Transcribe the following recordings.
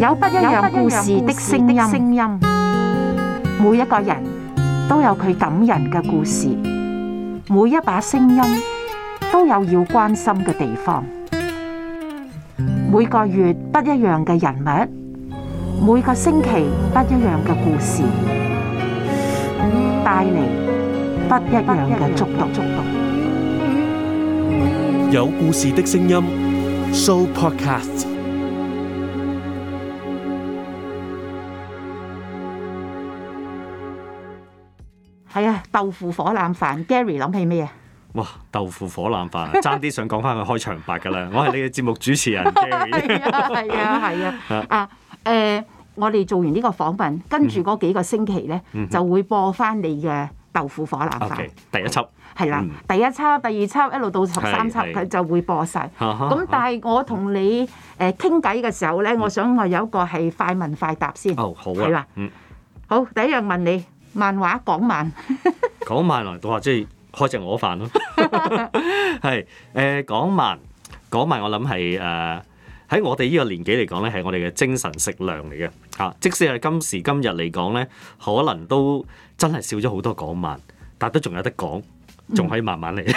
有不一樣故事的聲音，每一個人都有佢感人嘅故事，每一把聲音都有要關心嘅地方。每個月不一樣嘅人物，每個星期不一樣嘅故事，帶嚟不一樣嘅觸動。觸動有故事的聲音，Show Podcast。豆腐火腩飯，Gary 諗起咩嘢？哇！豆腐火腩飯，爭啲想講翻個開場白噶啦。我係你嘅節目主持人 Gary。係啊，係啊，啊，誒，我哋做完呢個訪問，跟住嗰幾個星期咧，就會播翻你嘅豆腐火腩飯第一輯，係啦，第一輯、第二輯一路到十三輯，佢就會播晒。咁但係我同你誒傾偈嘅時候咧，我想我有一個係快問快答先。好啊，係啦，好，第一樣問你。漫畫港漫，港漫嚟到話即係開隻我飯咯，係誒港漫，港、啊 呃、漫，漫我諗係誒喺我哋呢個年紀嚟講咧，係我哋嘅精神食糧嚟嘅吓。即使係今時今日嚟講咧，可能都真係少咗好多港漫，但係都仲有得講，仲可以慢慢嚟。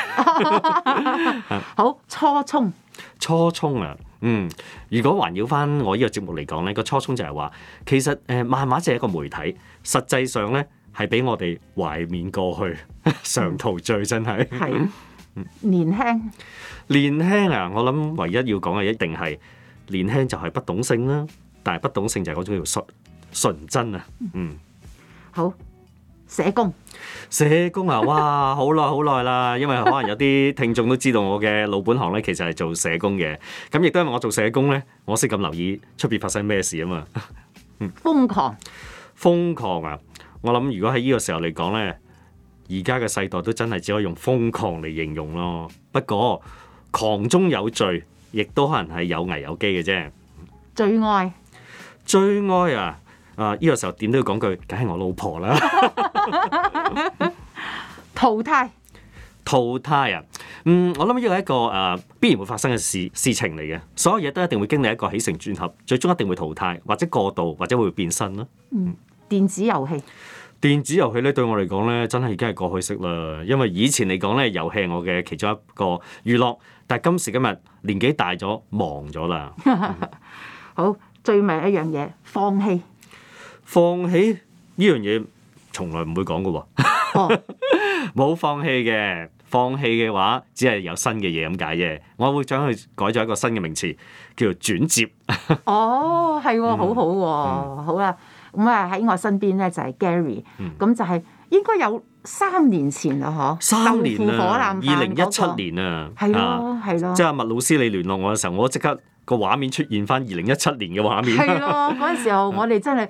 好，初衷，初衷啊，嗯，如果環繞翻我個節呢個節目嚟講咧，個初衷就係話，其實誒、呃、漫畫就係一個媒體，實際上咧。係俾我哋懷緬過去，常陶醉，真係係年輕年輕啊！我諗唯一要講嘅一定係年輕就係不懂性啦，但係不懂性就係嗰種叫純純真啊。嗯，好社工社工啊，哇，好耐好耐啦。因為可能有啲聽眾都知道我嘅老本行咧，其實係做社工嘅。咁亦都係我做社工咧，我識咁留意出邊發生咩事啊嘛。嗯，瘋狂瘋狂啊！我諗如果喺呢個時候嚟講咧，而家嘅世代都真係只可以用瘋狂嚟形容咯。不過狂中有罪，亦都可能係有危有機嘅啫。最愛，最愛啊！啊呢、這個時候點都要講句，梗係我老婆啦。 淘汰，淘汰啊！嗯，我諗呢個係一個誒、啊、必然會發生嘅事事情嚟嘅。所有嘢都一定會經歷一個起承轉合，最終一定會淘汰，或者過渡，或者會變身咯。身嗯。電子遊戲，電子遊戲咧，對我嚟講咧，真係已經係過去式啦。因為以前嚟講咧，遊戲係我嘅其中一個娛樂，但係今時今日年紀大咗，忙咗啦。嗯、 好，最尾一樣嘢，放棄、哦， 放棄呢樣嘢從來唔會講噶，冇放棄嘅，放棄嘅話只係有新嘅嘢咁解啫。我會將佢改咗一個新嘅名詞，叫做轉接。哦，係，好好，好啦、啊。好啊好啊咁啊喺我身邊咧就係 Gary，咁就係應該有三年前啦嗬，三年啦，二零一七年啊，係咯係咯。即係麥老師你聯絡我嘅時候，我即刻個畫面出現翻二零一七年嘅畫面。係咯，嗰陣時候我哋真係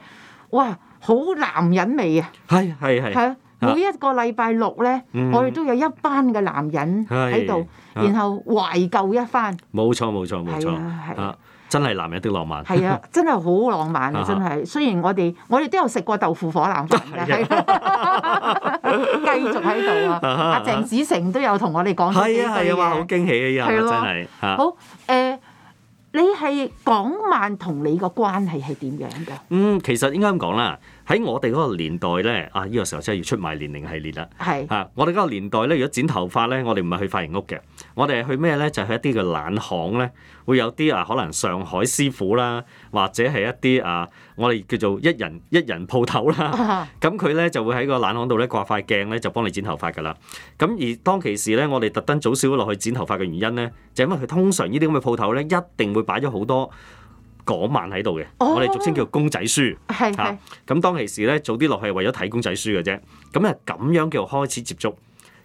哇，好男人味啊！係係係，每一個禮拜六咧，我哋都有一班嘅男人喺度，然後懷舊一番。冇錯冇錯冇錯，係啊。真係男人的浪漫。係 啊，真係好浪漫啊！真係，雖然我哋我哋都有食過豆腐火腩飯 是啊， 繼續喺度 啊！阿鄭子誠都有同我哋講呢句嘢，好、啊啊、驚喜啊！今日、啊、真係、啊、好誒、呃，你係港漫同你個關係係點樣嘅？嗯，其實應該咁講啦。喺我哋嗰個年代咧，啊呢、呢個時候真係要出賣年齡系列啦。係是啊，我哋嗰個年代咧，如果剪頭髮咧，我哋唔係去髮型屋嘅，我哋係去咩咧？就係、去一啲嘅冷巷咧，會有啲啊，可能上海師傅啦，或者係一啲啊，我哋叫做一人一人鋪頭啦。咁佢咧就會喺個冷巷度咧掛塊鏡咧，就幫你剪頭髮㗎啦。咁、啊、而當其時咧，我哋特登早少少落去剪頭髮嘅原因咧，就係、因為佢通常呢啲咁嘅鋪頭咧，一定會擺咗好多。港漫喺度嘅，哦、我哋俗稱叫公仔書，嚇咁是、啊、當其時咧，早啲落去係為咗睇公仔書嘅啫。咁啊，咁樣叫開始接觸。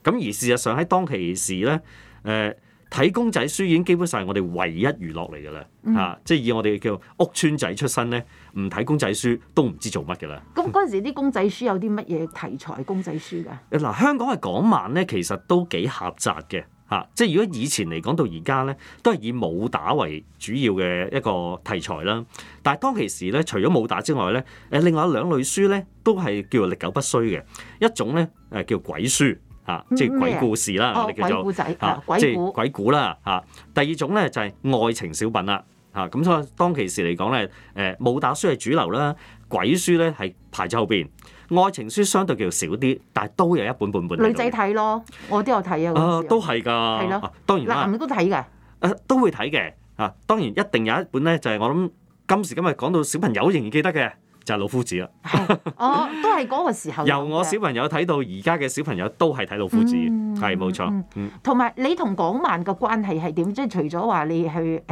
咁而事實上喺當其時咧，誒、呃、睇公仔書已經基本上係我哋唯一娛樂嚟㗎啦，嚇、嗯啊、即係以我哋叫屋村仔出身咧，唔睇公仔書都唔知做乜㗎啦。咁嗰陣時啲公仔書有啲乜嘢題材公仔書㗎？嗱 啊，香港係港漫咧，其實都幾狹窄嘅。嚇！即係如果以前嚟講到而家咧，都係以武打為主要嘅一個題材啦。但係當其時咧，除咗武打之外咧，誒另外兩類書咧都係叫做歷久不衰嘅。一種咧誒叫鬼書嚇，即係鬼故事啦，我哋、哦、叫做嚇，鬼故仔啊、鬼即係鬼故啦嚇。第二種咧就係、是、愛情小品啦嚇。咁、啊、所以當其時嚟講咧，誒武打書係主流啦，鬼書咧係排咗後邊。愛情書相對叫少啲，但係都有一本半本。女仔睇咯，我都有睇啊、啊。都係㗎。係咯的、啊。當然男人都睇㗎。誒、啊，都會睇嘅。嚇、啊，當然一定有一本咧，就係、是、我諗今時今日講到小朋友仍然記得嘅，就係、是《老夫子、啊》啦。哦，都係嗰個時候。由我小朋友睇到而家嘅小朋友都係睇《老夫子》，嗯，係冇錯。同埋、嗯、你同港漫嘅關係係點？即係除咗話你去誒誒，即、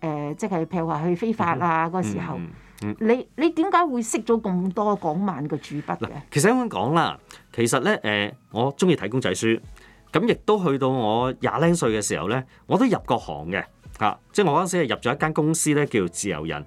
呃、係、呃、譬如話去非法啊嗰、那個時候。嗯嗯、你你點解會識咗咁多港漫嘅主筆嘅？其實咁講啦，其實咧誒，我中意睇公仔書，咁亦都去到我廿零歲嘅時候咧，我都入過行嘅嚇，即、啊、係、係、我嗰陣時係入咗一間公司咧，叫做自由人，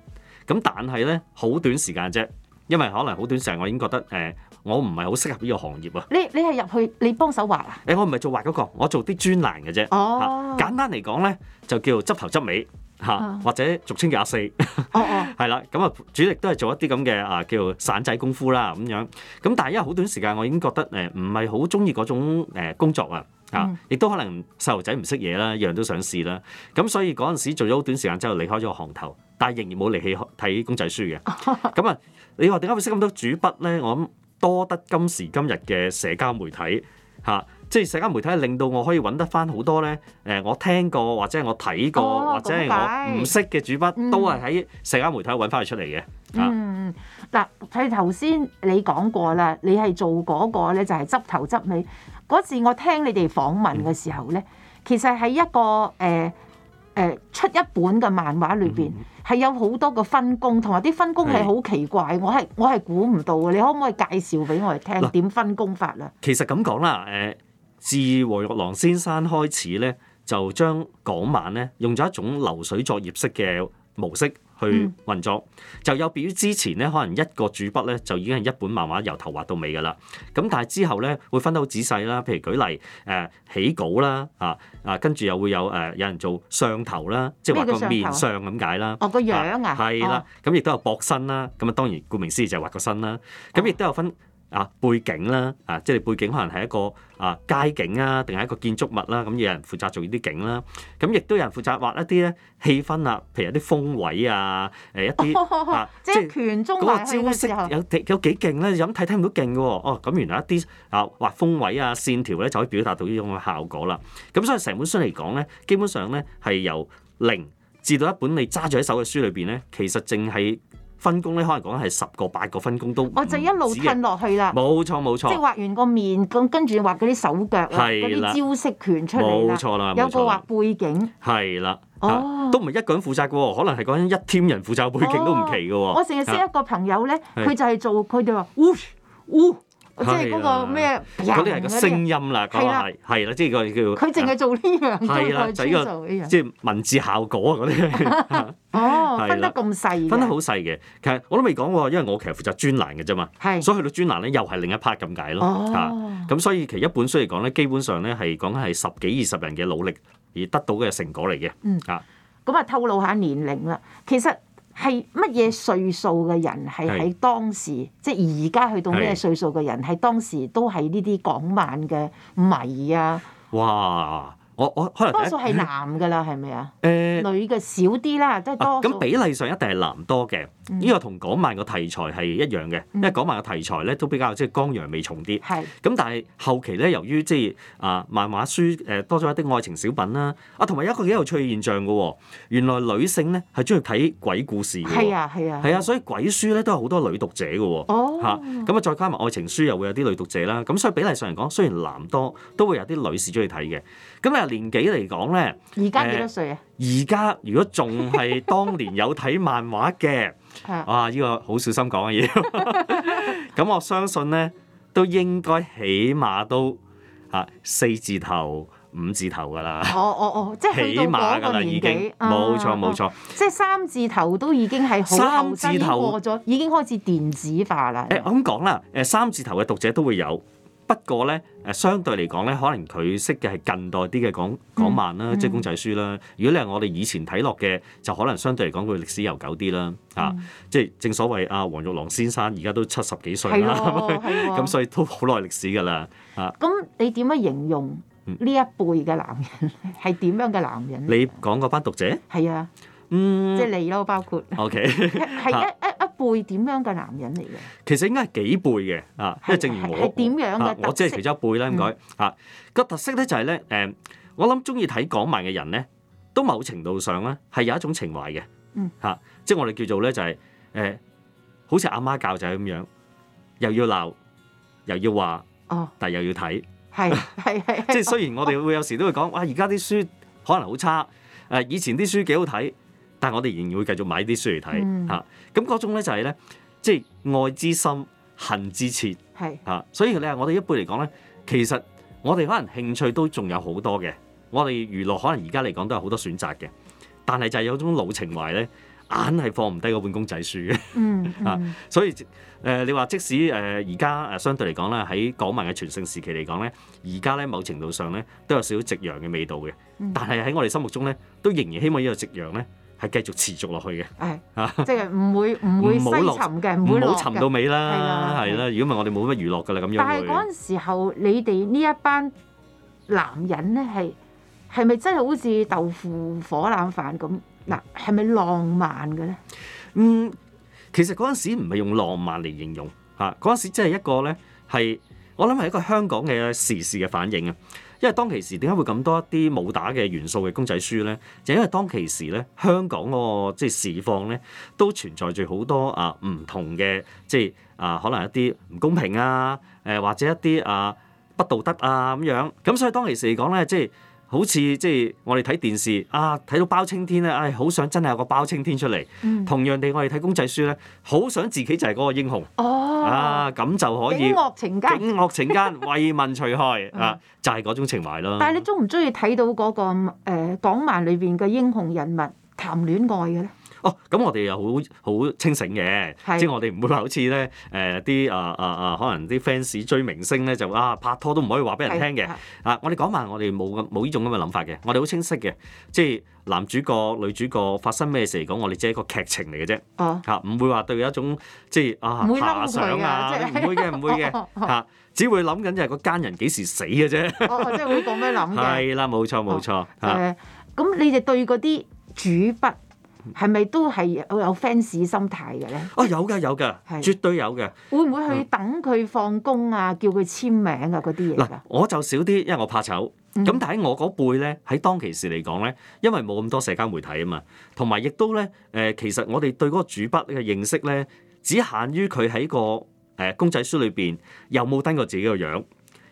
咁但係咧好短時間啫，因為可能好短時間我已經覺得誒、呃，我唔係好適合呢個行業啊。你你係入去你幫手畫啊？誒、欸，我唔係做畫嗰、嗰個，我做啲專欄嘅啫。哦、啊，簡單嚟講咧，就叫執頭執尾。嚇或者俗稱嘅阿四，係 啦、oh, oh.，咁啊主力都係做一啲咁嘅啊，叫做散仔功夫啦咁樣，咁但係因為好短時間，我已經覺得誒唔係好中意嗰種、呃、工作啊，啊，亦、mm. 都可能細路仔唔識嘢啦，樣樣都想試啦，咁所以嗰陣時做咗好短時間之後離開咗個行頭，但係仍然冇離棄睇公仔書嘅，咁啊，你話點解會識咁多主筆咧？我諗多得今時今日嘅社交媒體嚇。啊即係社交媒體係令到我可以揾得翻好多咧，誒、呃、我聽過或者我睇過、哦、或者係我唔識嘅主筆、嗯、都係喺社交媒體揾翻佢出嚟嘅。嗯，嗱、啊，佢頭先你講過啦，你係做嗰個咧就係執頭執尾。嗰次我聽你哋訪問嘅時候咧，嗯、其實喺一個誒誒、呃呃、出一本嘅漫畫裏邊係有好多個分工，同埋啲分工係好奇怪，是我係我係估唔到嘅。你可唔可以介紹俾我哋聽點分工法咧？其實咁講啦，誒、呃。呃自黃玉郎先生開始咧，就將港漫咧用咗一種流水作業式嘅模式去運作，嗯、就有別於之前咧，可能一個主筆咧就已經係一本漫畫由頭畫到尾噶啦。咁但係之後咧會分得好仔細啦，譬如舉例誒、呃、起稿啦啊啊，跟住又會有誒有人做上頭啦，即係畫個面上咁解啦。哦，個樣啊。係啦、啊，咁亦都有膊身啦，咁啊當然顧名思義就係畫個身啦，咁亦都有分。哦啊背景啦，啊即係背景可能係一個啊街景啊，定係一個建築物啦、啊，咁、嗯、有人負責做呢啲景啦、啊，咁亦都有人負責畫一啲咧氣氛啦，譬如一啲風位啊，誒、呃、一啲、啊哦、即係拳中嗰、啊、個招式有有幾勁咧？咁睇睇唔到勁㗎喎，哦咁、嗯、原來一啲啊畫風位啊線條咧就可以表達到呢種嘅效果啦。咁、嗯、所以成本書嚟講咧，基本上咧係由零至到一本你揸住喺手嘅書裏邊咧，其實淨係。分工咧，可能講緊係十個八個分工都，我、哦、就一路吞落去啦。冇錯冇錯，錯即係畫完個面咁，跟住畫嗰啲手腳啦，嗰啲的招式拳出嚟啦，有個畫背景。係啦的、哦，都唔係一個人負責㗎喎，可能係講緊一 team 人負責背景、哦、都唔奇㗎喎。我成日識一個朋友咧，佢的就係做，佢哋話，喎喎。即係嗰個咩？嗰啲係個聲音啦，係啦係即係個叫佢淨係做呢樣，即係文字效果啊！嗰啲哦，分得咁細，分得好細嘅。其實我都未講喎，因為我其實負責專欄嘅啫嘛，所以去到專欄咧又係另一 part 咁解咯。咁所以其實一本書嚟講咧，基本上咧係講緊係十幾二十人嘅努力而得到嘅成果嚟嘅。嗯咁啊透露下年齡啦。其實。係乜嘢歲數嘅人係喺當時，是即而家去到咩歲數嘅人係當時都係呢啲港漫嘅迷啊！哇！我我可能多數係男噶啦，係咪、呃、啊？誒，女嘅少啲啦，即多。咁比例上一定係男多嘅。呢個同港漫個題材係一樣嘅，嗯、因為港漫個題材咧都比較即係剛陽味重啲。咁是，但係後期咧，由於即、就、係、是、啊漫畫書誒多咗一啲愛情小品啦，啊同埋一個幾有趣嘅現象㗎喎，原來女性咧係中意睇鬼故事嘅。係啊係啊係啊，啊，所以鬼書咧都係好多女讀者㗎喎。哦嚇咁啊，再加埋愛情書又會有啲女讀者啦。咁所以比例上嚟講，雖然男多，都會有啲女士中意睇嘅。咁啊，啊，啊年紀嚟講咧，而家幾多歲啊？而家如果仲係當年有睇漫畫嘅。哇！呢、啊這個好小心講嘅嘢，咁、 嗯、我相信咧都應該起碼都嚇、啊、四字頭、五字頭噶啦。哦哦哦，即係起碼噶啦已經，冇錯冇錯。即係三字頭都已經係好後生，三字頭已經過咗，已經開始電子化啦。誒、哎，我咁講啦，誒三字頭嘅讀者都會有。不過咧，誒相對嚟講咧，可能佢識嘅係近代啲嘅港港漫啦，嗯、即係公仔書啦。嗯、如果你係我哋以前睇落嘅，就可能相對嚟講佢歷史悠久啲啦。嚇、嗯啊，即係正所謂阿、啊、黃玉郎先生而家都七十幾歲啦，咁、哦哦、 所以都好耐歷史噶啦。啊，咁你點樣形容呢一輩嘅男人係點樣嘅男人？你講嗰班讀者係啊，嗯，即係你咯，包括 OK，係一一。背點樣嘅男人嚟嘅？其實應該係幾輩嘅啊，是因為正如我，係點樣嘅？我即係色其中一輩啦，唔該。個、嗯、特色咧就係咧，誒，我諗中意睇港漫嘅人咧，都某程度上咧係有一種情懷嘅，吓、嗯，即係我哋叫做咧就係、是、誒，好似阿媽教仔咁樣，又要鬧，又要話，哦，但係又要睇，係係係， 即係雖然我哋會有時都會講，哇，而家啲書可能好差，誒，以前啲書幾好睇。但係我哋仍然會繼續買啲書嚟睇嚇，咁嗰、嗯啊、種咧就係、是、咧，即係愛之深，恨之切嚇是、啊。所以你話我哋一輩嚟講咧，其實我哋可能興趣都仲有好多嘅，我哋娛樂可能而家嚟講都有好多選擇嘅。但係就係有種老情懷咧，硬係放唔低嗰本公仔書嘅嚇、嗯嗯啊。所以誒、呃，你話即使誒而家誒相對嚟講咧，喺港漫嘅全盛時期嚟講咧，而家咧某程度上咧都有少少夕陽嘅味道嘅。但係喺我哋心目中咧，都仍然希望個呢個夕陽咧。嗯嗯係繼續持續落去嘅，係是啊，即係唔會唔會西沉嘅，唔會，會沉到尾啦，係啦的。如果唔係，的的我哋冇乜娛樂噶啦咁樣。但係嗰陣時候，你哋呢一班男人咧，係係咪真係好似豆腐火腩飯咁？嗱、嗯，係咪浪漫嘅咧？嗯，其實嗰陣時唔係用浪漫嚟形容嚇，嗰、啊、陣時真係一個咧係，我諗係一個香港嘅時事嘅反應啊。因為當其時點解會咁多一啲武打嘅元素嘅公仔書咧？就因為當其時咧，香港個即係釋放咧，都存在住好多啊唔同嘅即係啊，可能一啲唔公平啊，誒或者一啲啊不道德啊咁樣。咁所以當其時嚟講咧，即係。好似即係我哋睇電視啊，睇到包青天咧，唉、哎，好想真係有個包青天出嚟。嗯、同樣地，我哋睇公仔書咧，好想自己就係嗰個英雄。哦，啊，咁就可以，警惡懲奸，為民除害，嗯、啊，就係、是、嗰種情懷咯。但係你中唔中意睇到嗰、那個誒、呃、港漫裏邊嘅英雄人物談戀愛嘅咧？哦，咁我哋又好好清醒嘅，即係我哋唔會話好似咧誒啲啊啊啊，可能啲 fans 追明星咧就啊拍拖都唔可以話俾人聽嘅啊！我哋講埋，我哋冇冇呢種咁嘅諗法嘅，我哋好清晰嘅，即係男主角女主角發生咩事嚟講，我哋只係一個劇情嚟嘅啫，嚇唔會話對一種即係啊遐想啊，唔會嘅唔會嘅嚇，只會諗緊就係個奸人幾時死嘅啫，即係啦，冇錯冇錯，誒咁你哋對嗰啲主筆。係咪都係有 fans 心態嘅咧？啊、哦，有㗎有㗎，是絕對有㗎。會唔會去等佢放工啊？嗯、叫佢簽名啊？嗰啲嘢嗱，我就少啲，因為我怕醜。咁、嗯、但係我嗰輩咧，喺當其時嚟講咧，因為冇咁多社交媒體啊嘛，同埋亦都咧，誒、呃、其實我哋對嗰個主筆嘅認識咧，只限於佢喺個誒、呃、公仔書裏邊有冇登過自己個樣。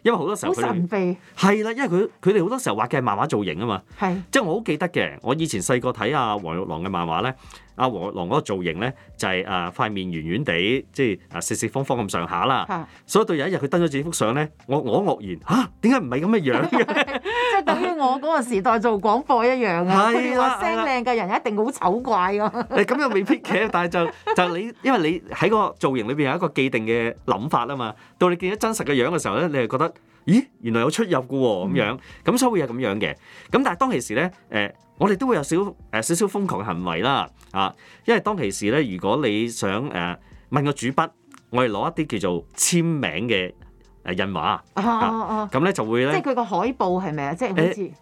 因為好多時候神秘係啦，因為佢佢哋好多時候畫嘅係漫畫造型啊嘛，是即係我好記得嘅。我以前細個睇阿黃玉郎嘅漫畫咧，阿、啊、黃玉郎嗰個造型咧就係、是、啊塊面圓圓地，即係啊四四方方咁上下啦。是所以到有一日佢登咗自己幅相咧，我我愕然，吓，點解唔係咁嘅樣嘅？ 等於我嗰個時代做廣播一樣啊，你話 聲靚嘅人一定好醜怪啊！誒 咁又未必嘅，但係就就你，因為你喺個造型裏邊有一個既定嘅諗法啊嘛。到你見到真實嘅樣嘅時候咧，你係覺得咦，原來有出入嘅喎咁樣，咁、嗯、所以會係咁樣嘅。咁但係當其時咧，誒、呃、我哋都會有少誒少少瘋狂嘅行為啦，啊！因為當其時咧，如果你想誒、呃、問個主筆，我哋攞一啲叫做簽名嘅。印畫啊，咁咧、oh, oh, oh. 就會咧，即係佢個海報係咪啊？即係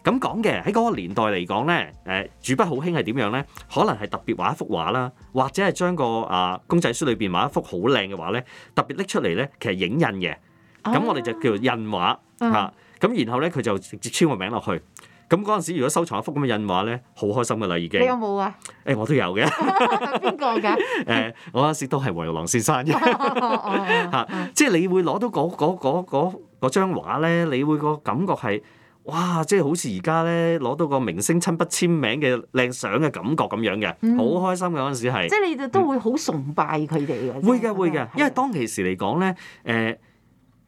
咁講嘅，喺嗰、欸、個年代嚟講咧，誒主筆好興係點樣咧？可能係特別畫一幅畫啦，或者係將個啊、呃、公仔書裏邊畫一幅好靚嘅畫咧，特別拎出嚟咧，其實影印嘅，咁我哋就叫做印畫、oh, yeah. 啊。咁然後咧，佢就直接簽個名落去。咁嗰陣時，如果收藏一幅咁嘅印畫咧，好開心㗎啦，已經。你有冇啊？誒、欸，我都有嘅。係邊個㗎？我嗰陣時都係黃玉郎先生嘅。嚇！ 即係你會攞到嗰嗰嗰嗰嗰張畫咧，你會個感覺係，哇！即係好似而家咧攞到個明星親筆簽名嘅靚相嘅感覺咁樣嘅，好開心嘅嗰陣時係。嗯嗯、即係你哋都會好崇拜佢哋嘅。會㗎，會㗎、啊，因為當其時嚟講咧，誒、呃。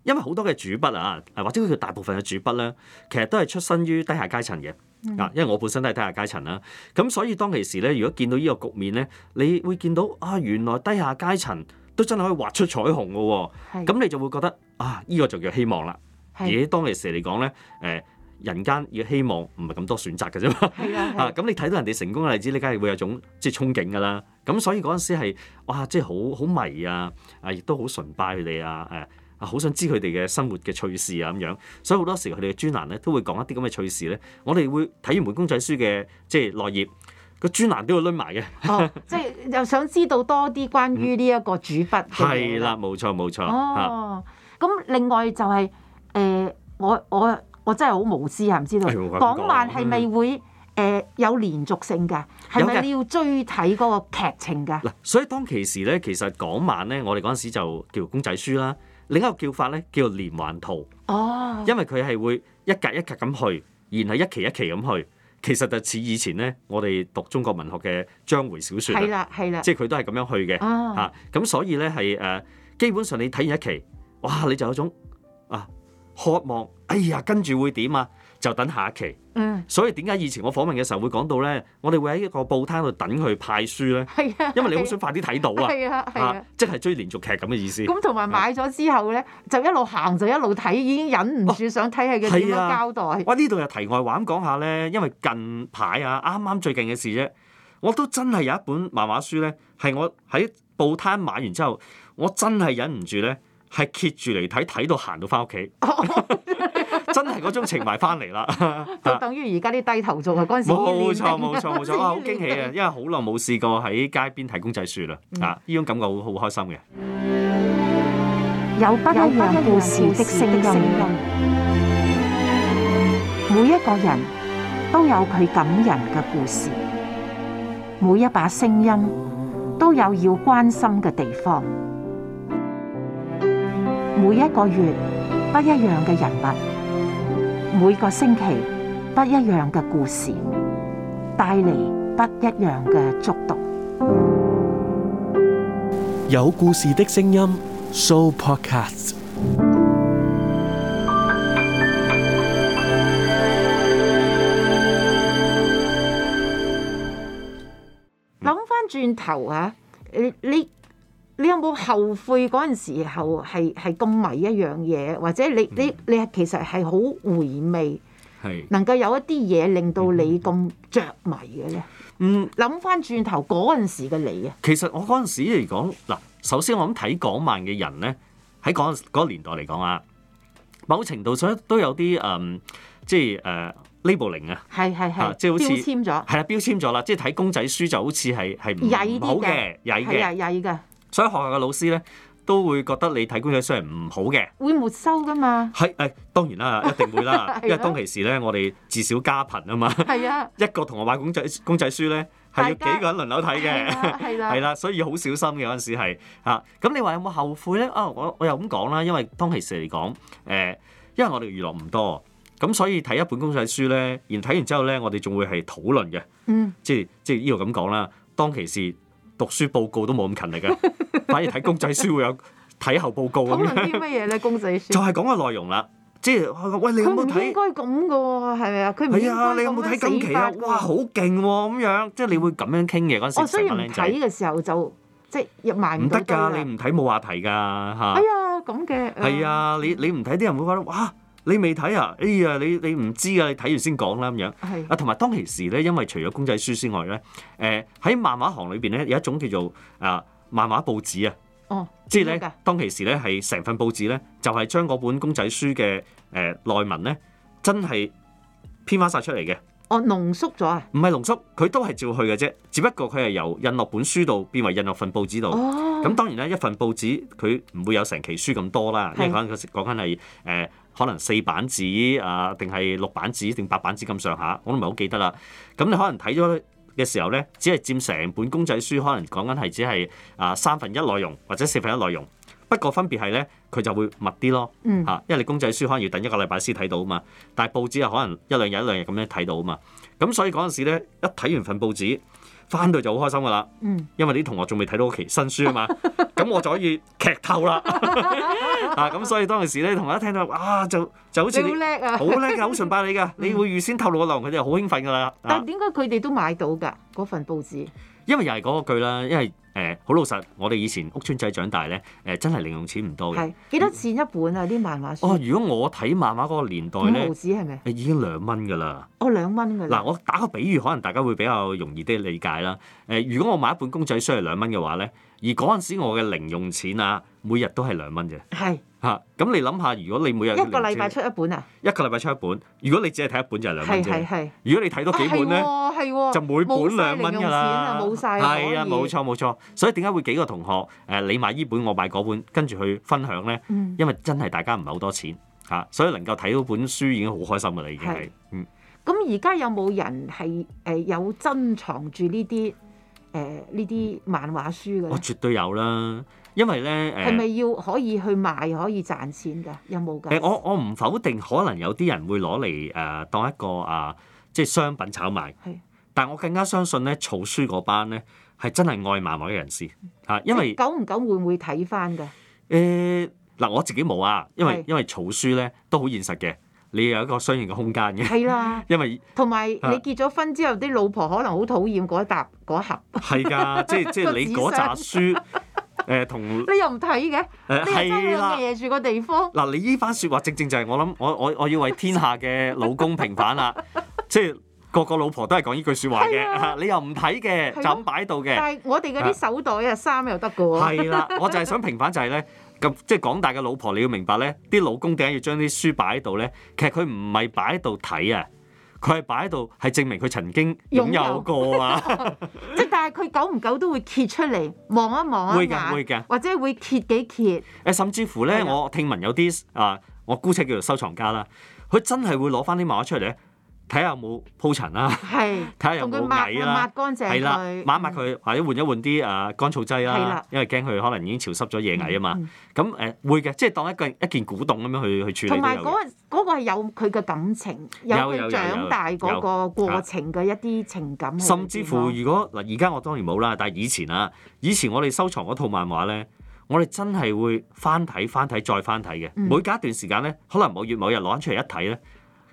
因為好多嘅主筆啊，或者佢叫大部分嘅主筆咧，其實都係出身於低下階層嘅啊，嗯、因為我本身都係低下階層啦。咁所以當其時咧，如果見到呢個局面咧，你會見到啊，原來低下階層都真係可以畫出彩虹嘅喎。咁是你就會覺得啊，呢、呢個就叫希望啦。是而喺當其時嚟講咧，誒，人間嘅希望唔係咁多選擇嘅啫嘛。咁、啊、你睇到人哋成功嘅例子，你梗係會有種即係、即係、憧憬噶啦。咁所以嗰陣時係哇，即係好好迷啊，啊！啊，亦都好崇拜佢哋啊，誒。好想知佢哋嘅生活嘅趣事啊，咁樣，所以好多時佢哋嘅專欄咧都會講一啲咁嘅趣事咧。我哋會睇完本公仔書嘅即係落頁，個專欄都會拎埋嘅。哦、 即係又想知道多啲關於呢一個主筆。係啦、嗯，冇錯冇錯。錯哦，咁、啊、另外就係、是、誒、呃，我我我真係好無知啊，唔知道港漫係咪會誒、嗯呃、有連續性㗎？係咪的你要追睇嗰個劇情㗎？嗱，所以當其時咧，其實港漫咧，我哋嗰陣時就叫公仔書啦。另一個叫法咧叫做連環圖，哦、因為佢係會一格一格咁去，然後一期一期咁去，其實就似以前咧，我哋讀中國文學嘅章回小説，係啦係啦，即係佢都係咁樣去嘅嚇。咁、嗯啊、所以咧係誒，基本上你睇完一期，哇，你就有種啊渴望，哎呀，跟住會點啊？就等下一期，嗯、所以點解以前我訪問嘅時候會講到咧，我哋會喺一個報攤度等佢派書咧，啊、因為你好想快啲睇到啊，即係追連續劇咁嘅意思。咁同埋買咗之後咧，就一路行就一路睇，已經忍唔住想睇下佢點樣交代。哇、啊！呢度又題外話，咁講下咧，因為近排啊，啱啱最近嘅事啫，我都真係有一本漫畫書咧，係我喺報攤買完之後，我真係忍唔住咧，係揭住嚟睇，睇到行到返屋企。哦 真係嗰種情懷翻嚟啦！等於而家啲低頭族啊，嗰陣時冇錯冇錯冇錯啊！好驚喜啊，因為好耐冇試過喺街邊提公仔書啦！啊，呢種感覺好好開心嘅。有不一樣故事的聲音，每一個人都有佢感人嘅故事，每一把聲音都有要關心嘅地方，每一個月不一樣嘅人物。每個星期不一樣嘅故事，帶嚟不一樣嘅觸動。有故事的聲音，Show Podcast。諗翻轉頭啊，你，你，你有冇後悔嗰陣時候係係咁迷一樣嘢，或者你你你其實係好回味，係是能夠有一啲嘢令到你咁着迷嘅咧？嗯，諗返轉頭嗰陣時嘅你啊，其實我嗰陣時嚟講，嗱，首先我諗睇港漫嘅人咧，喺嗰個年代嚟講啊，某程度上都有啲嗯，即係誒 labeling 啊，係係係，即係、啊、好似標籤咗，係啦，標籤咗啦，即係睇公仔書就好似係係唔好嘅，曳嘅，曳嘅。所以學校嘅老師咧都會覺得你睇公仔書係唔好嘅，會沒收噶嘛？係誒、哎，當然啦，一定會啦，因為當其時咧， 啊、我哋至少家貧啊嘛。係啊，一個同學買公仔公仔書咧，係要幾個人輪流睇嘅，係啦、啊啊 啊，所以好小心嘅，有陣時係嚇。咁你話有冇後悔咧？啊，有有哦，我我又咁講啦，因為當其時嚟講，誒、呃，因為我哋娛樂唔多，咁所以睇一本公仔書咧，然後睇完之後咧，我哋仲會係討論嘅，嗯，即係即係依度咁講啦。當其時。讀書報告都冇咁勤力嘅， 反而睇公仔書會有睇後報告咁樣。啲乜嘢咧？公仔書 就係講個內容啦，即係喂，你有冇睇？唔應該咁嘅喎，係咪啊？佢唔係啊，你有冇睇近期啊？哇！好勁喎，咁樣即係你會咁樣傾嘅嗰陣時。我想要靚仔嘅時候就即入埋唔得㗎，你唔睇冇話題㗎嚇。啊、哎呀，咁嘅係啊！嗯、你你唔睇啲人會覺得哇～你未睇啊？哎呀，你你唔知你的啊！你睇完先講啦咁樣。係啊，同埋當其時咧，因為除咗公仔書之外咧，誒、呃、喺漫畫行裏邊咧，有一種叫做啊漫畫報紙啊。哦，即係咧，當其時咧係成份報紙咧，就係、是、將嗰本公仔書嘅誒、呃、內文咧，真係編翻晒出嚟嘅。哦，濃縮咗啊？唔係濃縮，佢都係照去嘅啫，只不過佢係由印落本書度變為印落份報紙度。咁、哦、當然咧，一份報紙佢唔會有成期書咁多啦。因為講緊講緊係誒。可能四版紙啊，定係六版紙定八版紙咁上下，我都唔係好記得啦。咁你可能睇咗嘅時候咧，只係佔成本公仔書，可能講緊係只係啊三分一內容或者四分一內容。不過分別係咧，佢就會密啲咯嚇，嗯、因為你公仔書可能要等一個禮拜先睇到啊嘛。但係報紙啊，可能一兩日一兩日咁樣睇到啊嘛。咁所以嗰陣時咧，一睇完份報紙，翻到就好開心噶啦，嗯、因為啲同學仲未睇到期新書啊嘛，咁我就可以劇透啦。嗯 啊，咁所以當陣時咧，同埋一聽到，啊，就就好似你好叻啊，好叻㗎，好崇拜你㗎。你會預先透露個內容，佢哋好興奮㗎啦。啊、但點解佢哋都買到㗎嗰份報紙？因為又係嗰句啦，因為誒好、欸、老實，我哋以前屋村仔長大咧，誒、欸、真係零用錢唔多嘅。係幾多錢一本啊？啲漫畫書哦，如果我睇漫畫嗰個年代咧，報紙係咪？已經兩蚊㗎啦。哦，兩蚊㗎。嗱、啊，我打個比喻，可能大家會比較容易啲理解啦。誒、呃，如果我買一本公仔書係兩蚊嘅話咧。而嗰陣時，我嘅零用錢啊，每日都係兩蚊啫。係嚇是，咁、啊、你諗下，如果你每日一個禮拜出一本啊，一個禮拜出一本，如果你只係睇一本就係兩蚊啫。係係。如果你睇多幾本咧，啊、係喎、係喎、就每本兩蚊㗎啦。係啊，冇錯冇錯。所以點解會幾個同學誒、呃、你買依本，我買嗰本，跟住去分享咧？嗯、因為真係大家唔係好多錢嚇、啊，所以能夠睇到本書已經好開心㗎、啊、啦，已經係。嗯。咁而家有冇人係誒、呃呃、有珍藏住呢啲？誒呢啲漫畫書嘅，我絕對有啦，因為咧誒，係、呃、咪要可以去賣可以賺錢㗎？有冇㗎？誒、呃、我我唔否定可能有啲人會攞嚟誒當一個啊、呃、即係商品炒賣，是但我更加相信咧，儲書嗰班咧係真係愛漫畫嘅人士啊，因為久唔久會唔會睇返嘅？誒嗱我自己冇啊，因為因為儲是書咧都好現實嘅。你有一個相應嘅空間嘅，係啦，因為同埋你結咗婚之後，啲老婆可能好討厭嗰一沓嗰一盒，係㗎，即係即係你嗰沓書，誒同你又唔睇嘅，誒係啦，斜住個地方嗱，你呢番説話正正就係我諗，我我我要為天下嘅老公平反啦，即係個個老婆都係講呢句説話嘅，你又唔睇嘅噉擺到嘅，但係我哋嗰啲手袋啊衫又得嘅喎，係啦，我就係想平反就係咧。咁即係廣大嘅老婆，你要明白咧，啲老公點解要將啲書擺喺度咧？其實佢唔係擺喺度睇啊，佢係擺喺度係證明佢曾經擁有過啊！即係但係佢久唔久都會揭出嚟望一望一眼，會㗎，會㗎，或者會揭幾揭。誒，甚至乎咧，的我聽聞有啲啊，我姑且叫做收藏家啦，佢真係會攞翻啲漫畫出嚟。睇下有冇鋪塵啦、啊，睇下是有冇蟻啦，抹乾淨佢，抹抹佢，擦擦或者換一換啲誒乾燥劑啦、啊，的因為驚佢可能已經潮濕咗惹蟻啊嘛。咁誒、嗯嗯呃、會嘅，即係當一個一件古董咁樣去去處理。同埋嗰嗰個係、那個、有佢嘅感情，有佢長大嗰個過程嘅一啲情感、啊。甚至乎如果而家我當然冇啦，但係以前啊，以前我哋收藏嗰套漫畫咧，我哋真係會翻睇翻睇再翻睇嘅。嗯、每隔一段時間咧，可能某月某日攞出嚟一睇咧。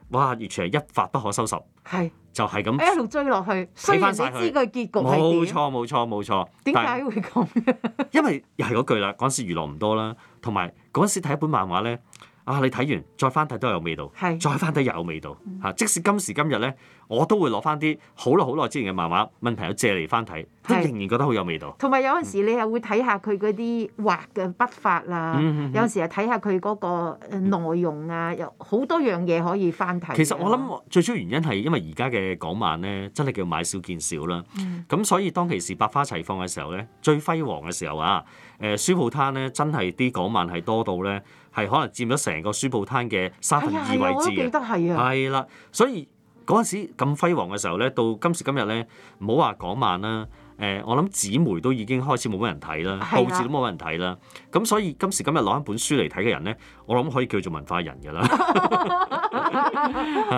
哇！完全係一發不可收拾，是就係咁一路追落去，雖然你知佢結局，冇錯冇錯冇錯。點解會咁？是 因為又係嗰句啦，嗰陣時娛樂唔多啦，同埋嗰陣時睇一本漫畫咧。啊！你睇完再翻睇都有味道，是再翻睇又有味道是、啊、即使今時今日咧，我都會攞翻啲好耐好耐之前嘅漫畫問朋友借嚟翻睇，都仍然覺得好有味道。同埋是、嗯、有陣時你又會睇下佢嗰啲畫嘅筆法啦、啊，嗯嗯嗯有時又睇下佢嗰個誒內容啊，好、嗯嗯、多樣嘢可以翻睇。其實我諗最主要原因係因為而家嘅港漫咧，真係叫買少見少啦。咁、嗯、所以當其時百花齊放嘅時候咧，最輝煌嘅時候啊，誒書報攤咧真係啲港漫係多到咧。係可能佔咗成個書報攤嘅三分二位置嘅，係啦、啊啊啊，所以嗰陣時咁輝煌嘅時候咧，到今時今日咧，唔好話港漫啦，誒、呃，我諗紙媒都已經開始冇乜人睇啦，報紙、啊、都冇乜人睇啦，咁所以今時今日攞一本書嚟睇嘅人咧，我諗可以叫做文化人㗎啦，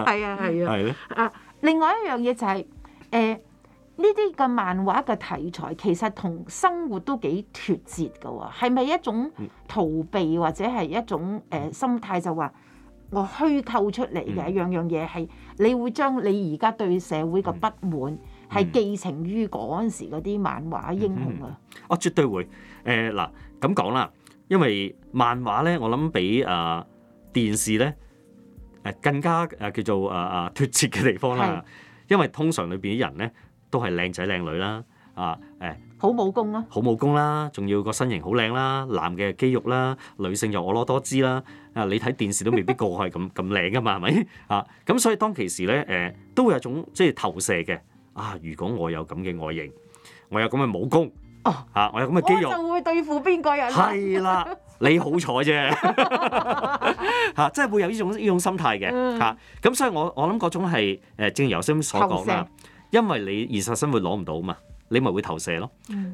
係啊係啊，係咧、啊啊呢啊，另外一樣嘢就係、是、誒。欸呢啲嘅漫畫嘅題材其實同生活都幾脱節㗎喎、啊，係咪一種逃避或者係一種誒、呃、心態？就話我虛構出嚟嘅一樣樣嘢係你會將你而家對社會嘅不滿係寄情於嗰陣時嗰啲漫畫英雄啊？哦、嗯嗯嗯啊，絕對會誒嗱咁講啦，因為漫畫咧，我諗比啊、呃、電視咧誒更加誒、呃、叫做啊啊脱節嘅地方啦，是因為通常裏邊啲人咧。都係靚仔靚女啦，sucking，啊誒，欸、好武功啦、啊，好武功啦、啊，仲要個身形好靚啦，男嘅肌肉啦，女性又婀娜多姿啦、啊，啊你睇電視都未必過去咁咁靚噶嘛，係咪 啊？咁所以當其時咧誒，都會有種即係投射嘅啊！如果我有咁嘅外形，我有咁嘅武功啊，我有咁嘅肌肉，就會對付邊個人？係 啦，你好彩啫嚇，即係會有呢種呢種心態嘅、啊、嚇。咁、啊、所以 da，我我諗嗰種係正如頭先所講啦。啊因為你現實生活攞唔到嘛，你咪會投射咯。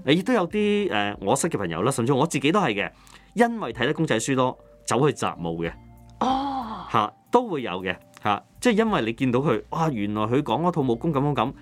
你亦都有啲誒、呃，我識嘅朋友啦，甚至我自己都係嘅。因為睇得公仔書多，走去習武嘅，嚇、哦啊、都會有嘅，嚇、啊。即係因為你見到佢，哇！原來佢講嗰套武功咁樣咁，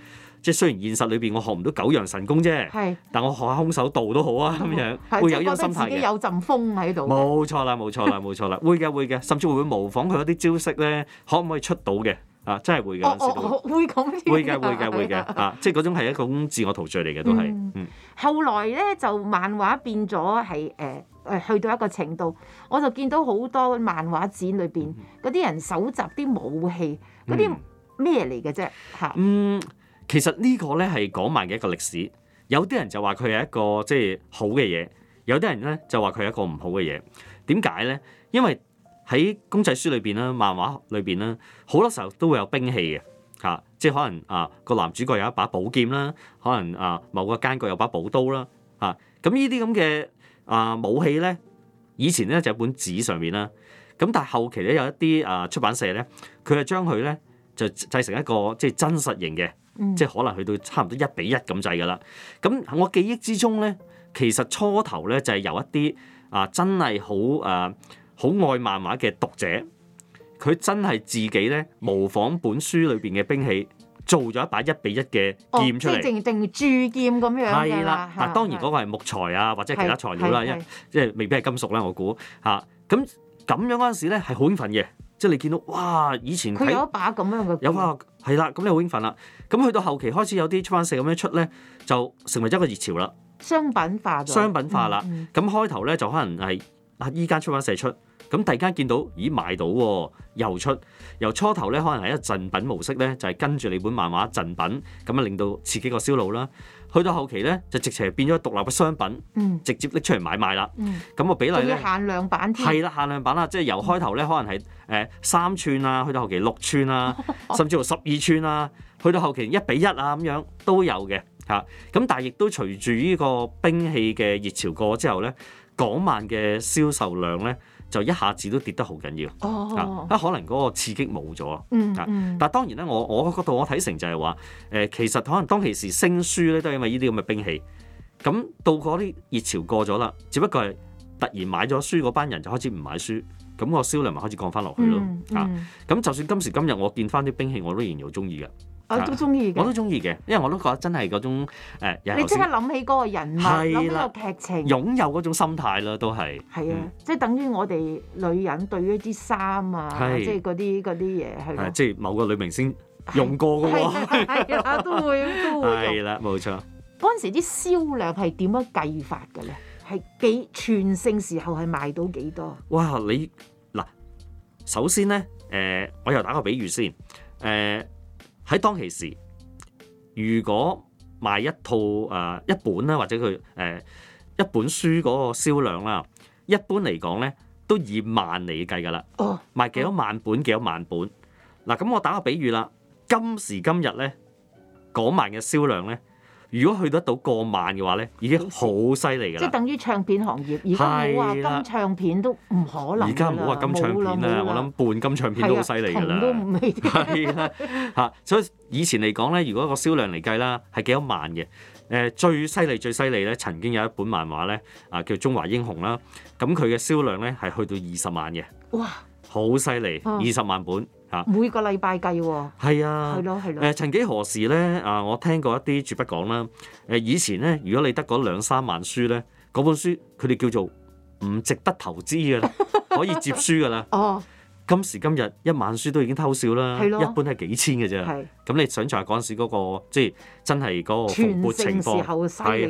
即係雖然現實裏邊我學唔到九陽神功啫，是但我學下空手道都好啊咁樣，哦、會有呢個心態嘅，自己有陣風喺度。冇錯啦，冇錯啦，冇錯啦，錯啦錯啦 會嘅會嘅，甚至，會，甚至，會，甚至會，會模仿佢一啲招式咧，可唔可以出到嘅？啊，真係會嘅，會咁，會嘅，會嘅，會嘅，啊，即係嗰種係一種自我陶醉嚟嘅，都係，嗯。嗯，後來咧就漫畫變咗係誒誒去到一個程度，我就見到好多漫畫展裏邊嗰啲人搜集啲武器，嗰啲咩嚟嘅啫？嚇、嗯。嗯，其實呢個咧係講埋嘅一個歷史，有啲人就話佢係一個即係好嘅嘢，有啲人咧就話佢係一個唔好嘅嘢。點解咧？因為喺公仔書裏邊啦，漫畫裏邊啦，好多時候都會有兵器嘅嚇、啊，即係可能啊個男主角有一把寶劍啦，可能啊某個奸角有把寶刀啦嚇。咁呢啲咁嘅啊，這這啊武器咧，以前咧就喺本紙上面啦。咁、啊、但係後期咧有一啲啊出版社咧，佢就將佢咧就製成一個即係真實型嘅，嗯、即係可能去到差唔多一比一咁製㗎啦。咁我記憶之中咧，其實初頭咧就係、是、由一啲啊真係好誒。啊好愛漫畫嘅讀者，佢真係自己咧模仿本書裏邊嘅兵器，做咗一把一比一嘅劍出嚟。哦，即係定定鑄劍咁樣嘅。係啦，但係當然嗰個係木材啊，或者其他材料啦，因為即係未必係金屬啦、啊。我估嚇咁咁樣嗰陣時咧係好興奮嘅，即係你見到哇，以前佢有一把咁樣嘅，有啊，係啦，咁你好興奮啦。咁去到後期開始有啲出版社咁樣出咧，就成為一個熱潮啦。商品化咗，商品化啦。咁開頭咧就可能係。嗯嗯啊！依家出版社出，咁突然間見到，咦買到喎、哦，又出。由初頭咧，可能係一個贈品模式咧，就係、是、跟住你本漫畫贈品，咁啊令到自己個銷路啦。去到後期咧，就直情變咗獨立嘅商品，嗯、直接拎出嚟買賣啦。咁、嗯、個比例限量版添。係啦，限量版啦，即係由開頭咧，可能係誒三寸啊，去到後期六寸啊， 甚至乎十二寸啊，去到後期一比一啊咁樣都有嘅嚇。咁但係亦都隨住呢個兵器嘅熱潮過之後咧。港萬嘅銷售量咧，就一下子都跌得好緊要。哦，啊，可能嗰個刺激冇咗、嗯。嗯，啊、但係當然咧，我我覺得我睇成就係話，誒、呃，其實可能當其時升書咧都係因為呢啲咁嘅兵器。咁到嗰啲熱潮過咗啦，只不過係突然買咗書嗰班人就開始唔買書，咁、個銷量咪開始降翻落去咯。嗯嗯、啊，咁就算今時今日我見翻啲兵器，我都仍然好鍾意嘅。我都中意嘅，我都中意嘅，因為我都覺得真係嗰種誒。你即刻諗起嗰個人物，諗到個劇情，擁有嗰種心態咯，都係。係啊，即係等於我哋女人對一啲衫啊，即係嗰啲嗰啲嘢係。係即係某個女明星用過嘅喎。係啊，都會都會用。係啦，冇錯。嗰陣時啲銷量係點樣計法嘅咧？係幾全盛時候係賣到幾多？哇！你嗱，首先咧，誒，我又打個比喻先，誒。喺當其時，如果賣一套誒、呃、一本咧、啊，或者佢誒、呃、一本書嗰個銷量啦、啊，一般嚟講咧，都以萬嚟計㗎啦。賣幾多萬本幾多萬本？嗱，咁、啊、我打個比喻啦，今時今日咧，嗰萬嘅銷量咧。如果去得到過萬嘅話咧，已經好犀利㗎啦！即等於唱片行業，而家冇話金唱片都唔可能，而家唔好話金唱片啦，我諗半金唱片都好犀利㗎啦。係啦、啊，嚇、 啊！所以以前嚟講咧，如果個銷量嚟計啦，係幾多萬嘅？誒、呃，最犀利最犀利咧，曾經有一本漫畫咧，啊叫《中華英雄》啦，咁佢嘅銷量咧係去到二十萬嘅。哇！好犀利，二十、啊、萬本。每個禮拜計喎，哦。係啊，係咯，啊，係咯，啊。誒、啊呃，曾幾何時咧？啊、呃，我聽過一啲絕不講啦。誒、呃，以前咧，如果你得嗰兩三萬書咧，嗰本書佢哋叫做唔值得投資嘅啦， 可以接書㗎啦。哦。今時今日一萬書都已經偷笑啦，的一般係幾千嘅啫。咁的你想象下嗰陣時嗰、嗰個即係真係嗰個全盛情況係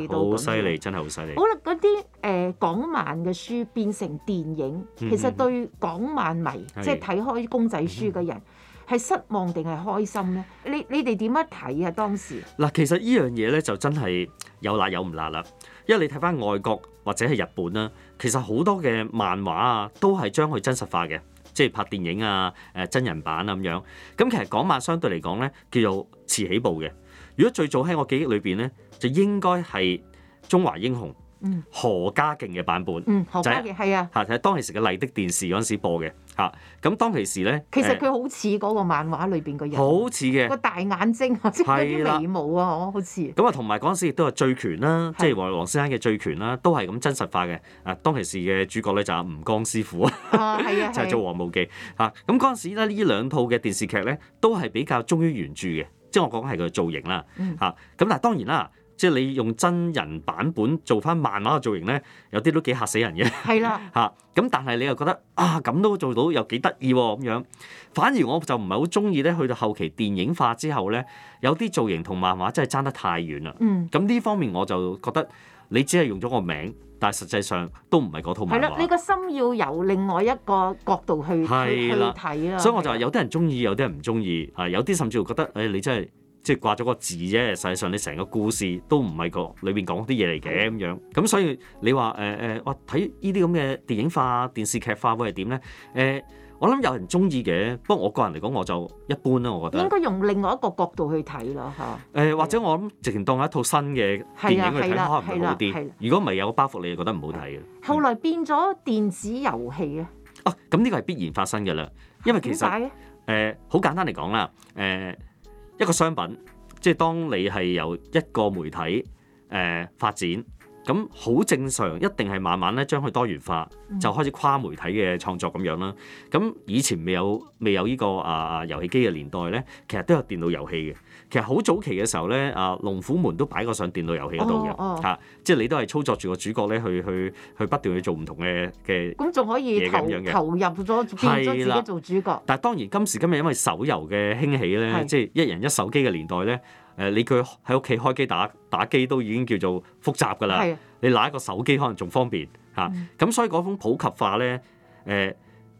好犀利，真係好犀利。好啦，嗰啲誒港漫嘅書變成電影，其實對港漫迷的即係睇開公仔書嘅人係失望定係開心呢？你你哋點樣睇啊？當時嗱，其實呢樣嘢咧就真係有辣有唔辣啦。因為你睇返外國或者係日本啦，其實好多嘅漫畫啊都係將佢真實化嘅。即係拍電影啊，誒真人版啊咁樣，咁其實港漫相對嚟講咧，叫做遲起步嘅。如果最早喺我記憶裏邊咧，就應該係《中華英雄》。嗯、何家勁嘅版本，何家勁就係當其時嘅麗的電視嗰陣時播嘅嚇。咁當其時咧，其實佢好似嗰個漫畫裏邊嘅人，好似嘅個大眼睛，即係啲眉毛啊，嗬，好似。咁啊，同埋嗰陣時亦都係醉拳啦，的即係黃黃先生嘅醉拳啦，都係咁真實化嘅。啊，當其 時嘅主角咧就阿吳江師傅啊，就係做王無忌嚇。咁嗰陣時咧，呢兩套嘅電視劇咧都係比較忠於原著嘅，即、就、係、是、我講緊係個造型啦嚇。咁、嗯、但係當然啦。即係你用真人版本做翻漫畫嘅造型咧，有啲都幾嚇死人嘅。係啦的，嚇咁 但係你又覺得啊咁都做到又幾得意喎咁樣，反而我就唔係好中意咧。去到後期電影化之後咧，有啲造型同漫畫真係爭得太遠啦。嗯，咁呢方面我就覺得你只係用咗個名，但係實際上都唔係嗰套漫畫。係啦，你個心要由另外一個角度去睇啦。的所以我就話有啲人中意，有啲人唔中意，係有啲甚至會覺得誒、哎、你真係。即係掛咗個字啫，實際上你成個故事都唔係個裏邊講啲嘢嚟嘅咁樣，咁所以你話誒誒，哇睇呢啲咁嘅電影化、電視劇化會係點咧？誒、呃，我諗有人中意嘅，不過我個人嚟講我就一般啦，我覺得應該用另外一個角度去睇咯嚇。誒、呃、的或者我諗直情當一套新嘅電影去睇可能會好啲。如果唔係有個包袱，你就覺得唔好睇嘅。後來變咗電子遊戲啊！哦、嗯，咁呢、啊、個係必然發生嘅啦，因為其實誒好簡單嚟講啦，誒。啊啊啊啊一個商品，即係當你係由一個媒體誒、呃、發展，咁好正常，一定係慢慢咧將佢多元化，就開始跨媒體嘅創作咁樣啦。咁以前未有未有呢個啊遊戲機嘅年代咧，其實都有電腦遊戲嘅。其實好早期嘅時候咧，啊，龍虎門都擺過上電腦遊戲嗰度嘅，嚇、哦哦啊，即係你都係操作住個主角咧，去去去不斷去做唔同嘅嘅，咁仲可以投，樣投入咗自己做主角。但係當然今時今日因為手遊嘅興起咧，的即係一人一手機嘅年代咧，誒、啊，你佢喺屋企開機打打機都已經叫做複雜㗎喇。的你拿一個手機可能仲方便嚇，咁、啊嗯、所以嗰種普及化咧，誒、呃，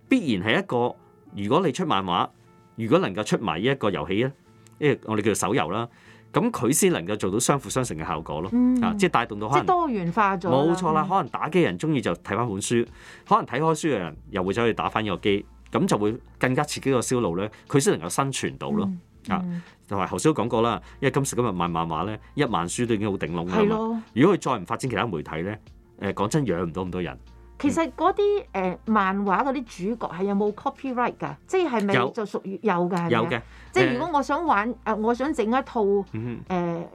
必然係一個，如果你出漫畫，如果能夠出埋呢一個遊戲咧。即係我哋叫做手遊啦，咁佢先能夠做到相輔相成嘅效果咯，嗯、啊，即係帶動到可能多元化咗，冇錯啦。嗯、可能打機人中意就睇翻本書，可能睇開書嘅人又會走去打翻呢個機，咁就會更加刺激個銷路咧，佢先能夠生存到咯。嗯、啊，同埋頭先都講過啦，因為今時今日賣漫畫咧，一萬書都已經好頂籠㗎嘛。哦、如果佢再唔發展其他媒體咧，誒講真養唔到咁多人。其實嗰啲誒漫畫嗰啲主角係有冇 copyright 㗎？即係咪就屬於有㗎？有嘅，即係如果我想玩誒，我想整一套誒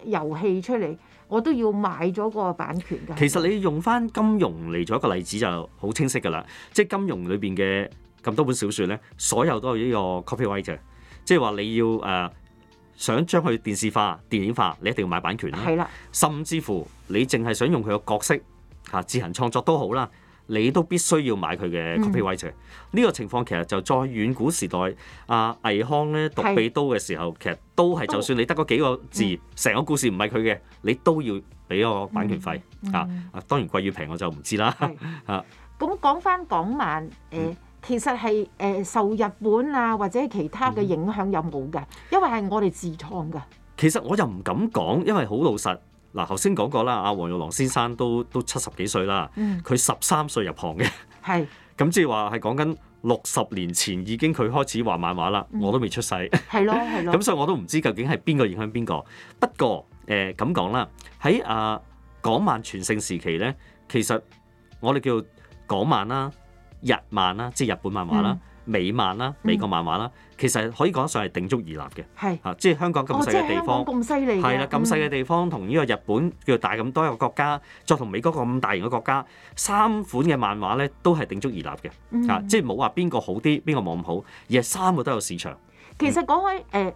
遊戲出嚟，我都要買咗個版權㗎。其實你用翻金庸嚟做一個例子就好清晰㗎啦。即係金庸裏邊嘅咁多本小説咧，所有都係呢個 copyright 嘅。即係話你要誒、呃、想將佢電視化、電影化，你一定要買版權啦。係啦的，甚至乎你淨係想用佢個角色吓自行創作都好啦。你都必須要買佢嘅 copyright 呢個情況，其實就喺遠古時代，阿魏康咧讀《秘刀》嘅時候，其實都係就算你得嗰幾個字，成個故事唔係佢嘅，你都要俾個版權費啊！啊，當然貴與平我就唔知啦啊。咁講返港漫，誒其實係誒受日本啊或者其他嘅影響有冇㗎？因為係我哋自創㗎。其實我就唔敢講，因為好老實。嗱，頭先講過啦，阿黃玉郎先生都都七十幾歲啦，佢十三歲入行嘅，係、咁即係話係講緊六十年前已經佢開始畫漫畫啦，嗯、我都未出世，係咯係咯，咁 所以我都唔知究竟係邊個影響邊個。不過誒咁講啦，喺、呃、阿、呃、港漫全盛時期咧，其實我哋叫港漫啦、日漫啦，即係日本漫畫啦。嗯美漫啦，美國漫畫啦，其實可以講得上係鼎足而立嘅，嚇，即係香港咁細嘅地方，咁犀利，係啦，咁細嘅地方同呢個日本叫做大咁多一個國家，再同美國咁大型嘅國家，三款嘅漫畫咧都係鼎足而立嘅，嚇，即係冇話邊個好啲，邊個冇咁好，而係三個都有市場。其實講開誒，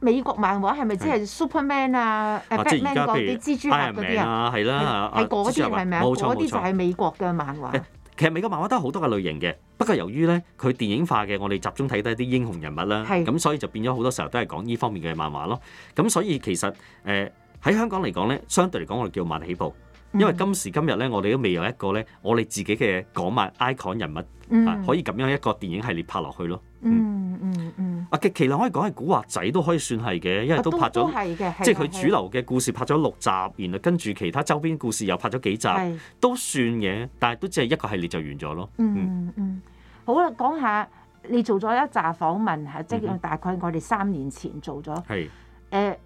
美國漫畫係咪即係 Superman 啊，Batman 嗰啲蜘蛛俠嗰啲啊，係啦嚇，係嗰邊係咪啊？嗰啲就係美國嘅漫畫。其實美國漫畫都有好多嘅類型嘅，不過由於咧佢電影化嘅，我哋集中睇低一啲英雄人物啦，咁是所以就變咗好多時候都係講呢方面嘅漫畫咯。咁所以其實誒喺、呃、香港嚟講咧，相對嚟講我哋叫慢起步，因為今時今日咧，我哋都未有一個咧我哋自己嘅港漫 icon 人物，嗯啊、可以咁樣一個電影系列拍落去咯。嗯嗯嗯。嗯嗯啊嘅，其實可以講係古惑仔都可以算係嘅，因為都拍咗，嘅、啊，都係係即係佢主流嘅故事拍咗六集，然後跟住其他周邊故事又拍咗幾集，的都算嘅。但係都只係一個系列就完咗咯。嗯嗯好啦，講下你做咗一集訪問，係即係大概我哋三年前做咗。係、嗯哼。誒、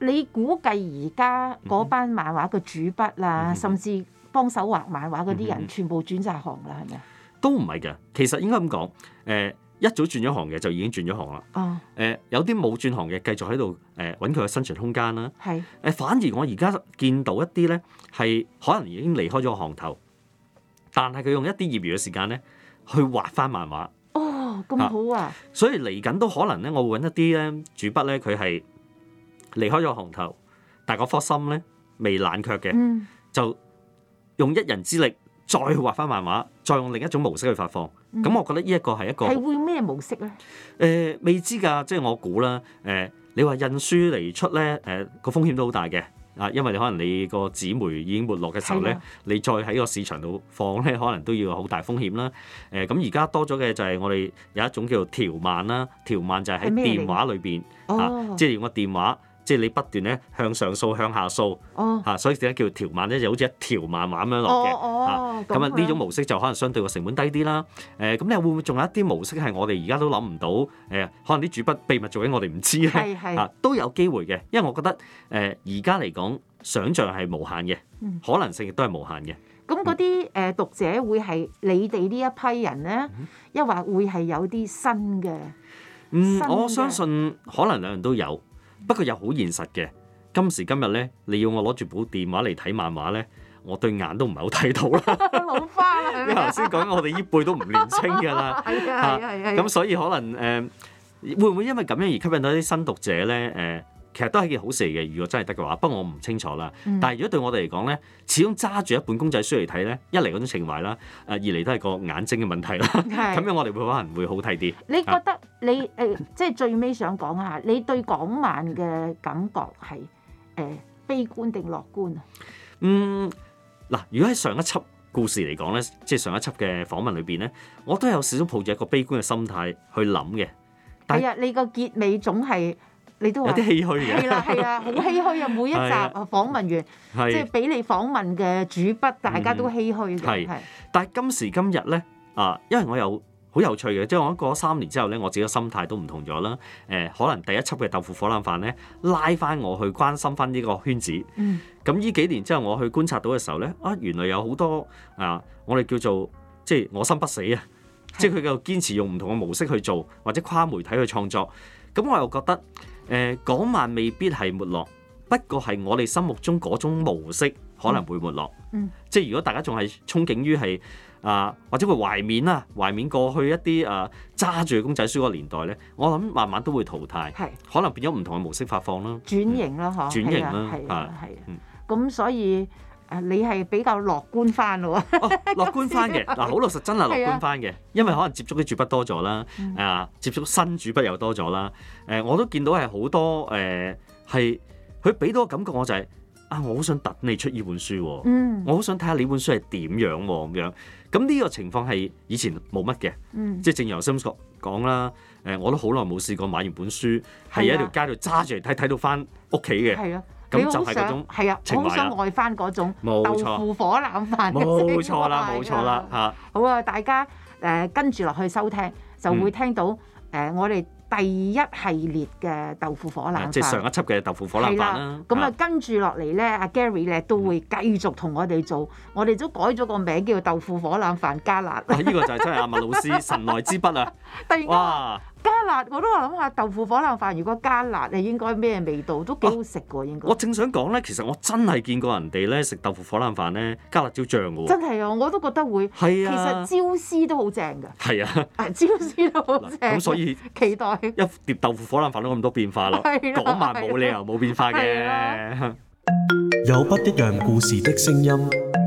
呃，你估計而家嗰班漫畫嘅主筆啊，嗯、哼甚至幫手畫漫畫嗰啲人，嗯、哼全部轉曬行啦，係咪？都唔係嘅，其實應該咁講，誒、呃。呃一早轉咗行嘅就已經轉咗行啦。哦、oh. 呃，有啲冇轉行嘅繼續喺度誒揾佢嘅生存空間啦。係誒，反而我而家見到一啲咧係可能已經離開咗行頭，但係佢用一啲業餘嘅時間咧去畫翻漫畫。哦、oh, 啊，咁好啊！所以嚟緊都可能咧，我會揾一啲咧主筆咧，佢係離開咗行頭，但係嗰顆心咧未冷卻嘅，mm. 就用一人之力。再畫翻漫畫，再用另一種模式去發放，咁、嗯、我覺得呢一個係一個係會咩模式咧？誒、呃，未知㗎，即、就、係、是、我估啦。誒、呃，你話印書嚟出咧，誒、呃、個風險都好大嘅啊，因為你可能你個紙媒已經沒落嘅時候咧，的你再喺個市場度放咧，可能都要好大風險啦。誒、啊，咁而家多咗嘅就係我哋有一種叫做條漫啦，條漫就係喺電話裏邊啊，哦、即係用個電話。即係你不斷咧向上掃向下掃，嚇，所以點解叫條漫咧？就好似一條漫畫咁樣落嘅，嚇。咁啊，呢種模式就可能相對個成本低啲啦。誒，咁你會唔會仲有一啲模式係我哋而家都諗唔到？誒，可能啲主筆秘密做緊我哋唔知咧，嚇都有機會嘅。因為我覺得誒而家嚟講，想像係無限嘅，可能性亦都係無限嘅。咁嗰啲誒讀者會係你哋呢一批人咧，抑或會係有啲新嘅？嗯，我相信可能兩樣都有。不過又好現實嘅，今時今日咧，你要我攞住部電話嚟睇漫畫咧，我對眼都唔係好睇到啦。老花啦，你頭先講我哋呢輩都唔年輕㗎啦。係 啊，係係。咁所以可能誒、呃，會唔會因為咁樣而吸引到啲新讀者咧？誒、呃。其實都係件好事嚟嘅，如果真係得嘅話。不過我唔清楚啦。但係如果對我哋嚟講咧，始終揸住一本公仔書嚟睇咧，一嚟嗰種情懷啦，誒二嚟都係個眼睛嘅問題啦。咁是樣我哋會可能會好睇啲。你覺得、啊、你誒、呃、即係最尾想講下，你對港漫嘅感覺係誒、呃、悲觀定樂觀啊？嗯，嗱，如果喺上一輯故事嚟講咧，即係上一輯嘅訪問裏邊咧，我都係有少少抱住一個悲觀嘅心態去諗嘅。係啊，你個結尾總係。你都有啲唏噓嘅，係啦，係啊，好、啊、唏噓啊！每一集、啊、訪問完，是即係俾你訪問嘅主筆，大家都唏噓嘅。嗯、是但係今時今日呢，啊，因為我又好有趣嘅，即係我過咗三年之後呢，我自己嘅心態都唔同咗啦。誒、呃，可能第一輯嘅豆腐火腩飯呢，拉翻我去關心翻呢個圈子。嗯。咁呢幾年之後，我去觀察到嘅時候呢，啊，原來有好多啊，我哋叫做即係我心不死啊，是是即係佢繼續堅持用唔同嘅模式去做，或者跨媒體去創作。咁我又覺得。誒，嗰、呃、晚未必係沒落，不過係我哋心目中嗰種模式可能會沒落。嗯，嗯即係如果大家仲係憧憬於係啊、呃，或者會懷緬啊，懷緬過去一啲啊揸住公仔書嗰個年代咧，我諗慢慢都會淘汰，係係可能變咗唔同嘅模式發放咯，轉型咯，嗬係，係轉型咯，係啊，咁、係啊、係啊、係啊、係啊、係啊、所以。你係比較樂觀翻咯喎，樂觀翻嘅嗱，好老實真係，樂觀翻嘅，因為可能接觸啲主筆多咗啦，啊，嗯 uh, 接觸新主筆又多咗啦，誒、uh, 嗯 uh, 嗯嗯嗯，我都見到係好多誒，係佢俾到個感覺，我就係啊，我好想等你出呢本書喎、啊，嗯, uh, uh, eh, 嗯，我、huh. 好想睇下你本書係點樣喎咁樣，咁呢個情況係以前冇乜嘅，即係正如深覺講啦，誒，我都好耐冇試過買完本書係喺條街度揸住嚟睇，睇到翻屋企嘅，係啊。你好想係啊，好想愛翻嗰種豆腐火腩飯。冇錯啦，冇錯啦，嚇！啊好啊，大家誒、呃、跟住落去收聽，就會聽到誒、嗯呃、我哋第一系列嘅豆腐火腩飯。啊、即係上一輯嘅豆腐火腩飯咁啊，嗯、啊跟住落嚟咧，阿 Gary 咧都會繼續同我哋做。嗯、我哋都改咗個名，叫豆腐火腩飯加辣。呢、啊呢個就係真係阿文老師神來之筆啊！ 外哇！加辣我都話諗下豆腐火腩飯，如果加辣，係應該咩味道？都幾好食嘅喎，啊、應該該。我正想講咧，其實我真係見過人哋咧食豆腐火腩飯咧加辣椒醬嘅喎。真係啊，我都覺得會。係啊，其實椒絲都好正嘅。係啊，椒絲都好正。咁、啊、所以期待一碟豆腐火腩飯都咁多變化咯。講埋冇理由冇變化嘅。啊啊、 有不一樣故事的聲音。